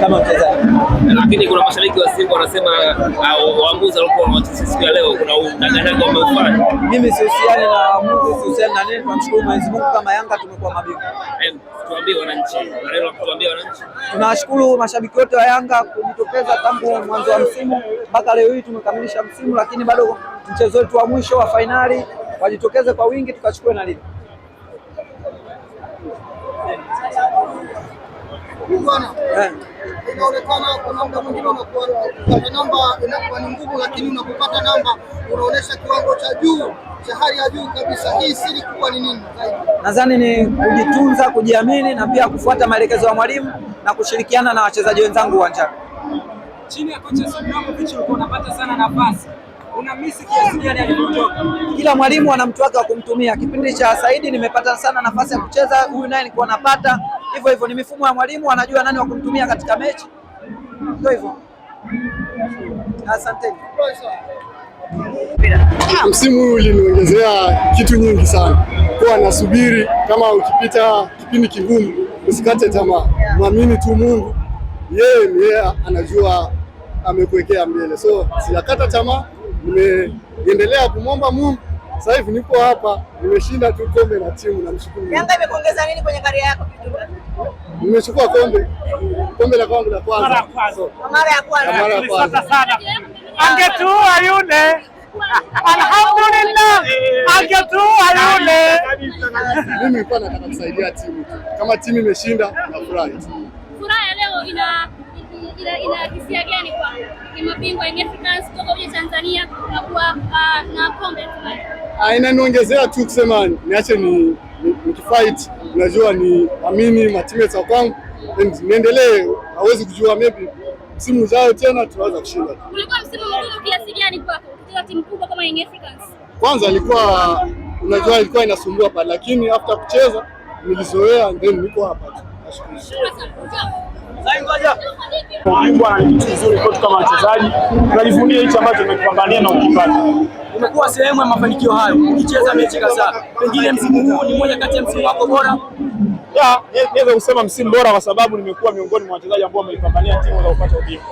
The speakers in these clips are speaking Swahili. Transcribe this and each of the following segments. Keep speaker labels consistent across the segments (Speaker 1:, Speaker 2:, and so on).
Speaker 1: kama mchezaji
Speaker 2: lakini kuna mashabiki wa Simba wanasema ah, waamuzi walikuwa siku ya leo kuna udanganyaji wameufanya.
Speaker 1: Mimi sihusiani na waamuzi, sihusiani na nini. Tunamshukuru Mwenyezi Mungu kama Yanga tumekuwa mabingwa.
Speaker 2: Tuambie wananchi, leo tuambie wananchi,
Speaker 1: tunawashukuru mashabiki wote wa Yanga kujitokeza tangu mwanzo wa msimu mpaka leo hii tumekamilisha msimu, lakini bado mchezo wetu wa mwisho wa fainali wajitokeze kwa wingi tukachukue na lini
Speaker 3: inaonekana kuna muda mwingine unakuwa namba inakuwa ni ngumu, lakini unapopata namba kiwango cha juu cha hali ya juu kabisa. Hii siri kubwa ni nini?
Speaker 1: Nadhani ni kujitunza, kujiamini na pia kufuata maelekezo ya mwalimu na kushirikiana na wachezaji wenzangu uwanjani.
Speaker 4: Chini ya kocha ulikuwa unapata sana nafasi.
Speaker 1: Kila mwalimu ana mtu wake wa kumtumia. Kipindi cha Saidi nimepata sana nafasi ya kucheza, huyu naye nilikuwa napata hivyo hivyo, ni mifumo ya mwalimu, anajua nani wa kumtumia katika mechi, ndio hivyo. Asanteni.
Speaker 5: Msimu huu uliniongezea kitu nyingi sana, kuwa nasubiri kama ukipita kipindi kigumu usikate tamaa, mwamini tu Mungu, yeye ndiye anajua amekuwekea mbele. So sijakata tamaa, nimeendelea kumwomba Mungu. Sasa hivi niko hapa, nimeshinda tu kombe na timu, namshukuru
Speaker 6: Yanga imekuongeza nini kwenye kariera yako?
Speaker 5: Nimechukua kombe kombe la kwangu la kwanza, mara ya kwanza mara ya kwanza sana.
Speaker 7: Angetua yule Alhamdulillah, angetua yule.
Speaker 5: Mimi nilikuwa nataka kusaidia timu, kama timu imeshinda na furahi.
Speaker 8: Furaha leo ina ina hisia gani kwa mabingwa kutoka kwa Tanzania na kuwa ah, na kombe?
Speaker 5: Ah, inaniongezea tu kusema niache ni nikifight najua ni amini matimates wa kwangu and niendelee, hawezi kujua maybe msimu ujao tena tunaweza kushinda.
Speaker 8: Kulikuwa msimu mgumu kiasi gani kwa kucheza timu kubwa kama Young Africans?
Speaker 5: Kwanza ilikuwa unajua, ilikuwa inasumbua pale, lakini after kucheza nilizoea, then niko hapa. Nashukuru
Speaker 9: bwana, ni kitu kizuri kwetu kama wachezaji, tunajivunia hichi ambacho tumekipambania na ukipata
Speaker 10: umekuwa sehemu ya mafanikio hayo, ukicheza mechi kadhaa. Pengine msimu huu ni moja kati ya msimu wako bora?
Speaker 9: ya niweza kusema msimu bora kwa sababu nimekuwa miongoni mwa wachezaji ambao wameipambania timu za kupata ubingwa.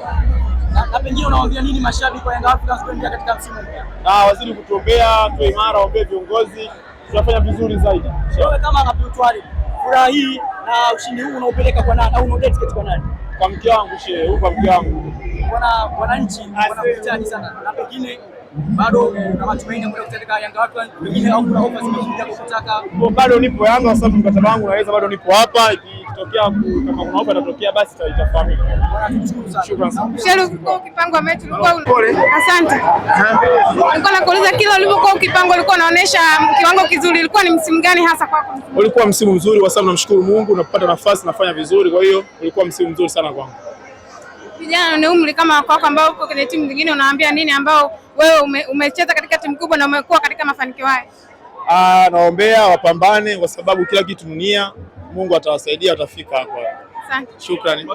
Speaker 10: Na, na pengine unawaambia nini mashabiki wa Yanga Africans kuelekea katika msimu huu?
Speaker 9: Ah, wazidi kutuombea, tuwe imara, waombee viongozi, tunafanya vizuri zaidi.
Speaker 10: Wewe kama kapitwari, furaha hii na ushindi huu unaupeleka kwa nani au una katika kwa nani?
Speaker 9: Kwa mke wangu shehe, huko kwa mke wangu.
Speaker 10: Bwana, Wananchi wanakuhitaji sana na pengine bado na matumaini ya kutaka Yanga watu wengine au kuna ofa zimekuja kutaka?
Speaker 9: Bado nipo Yanga kwa sababu mkataba wangu naweza, bado nipo hapa, ikitokea kama kuna ofa basi itafahamika.
Speaker 6: asante. Nilikuwa nakuuliza ukipangwa, ulikuwa unaonesha kiwango kizuri, ulikuwa ni msimu gani hasa kwako?
Speaker 9: Ulikuwa msimu mzuri kwa sababu namshukuru Mungu napata nafasi nafanya vizuri, kwa hiyo ulikuwa msimu mzuri sana kwangu
Speaker 6: kijana ni umri kama wako ambao uko kwenye timu nyingine, unaambia nini ambao wewe ume, umecheza katika timu kubwa na umekuwa katika mafanikio haya?
Speaker 9: Ah, naombea wapambane kwa sababu kila kitu dunia, Mungu atawasaidia watafika hapo. Asante. Shukrani.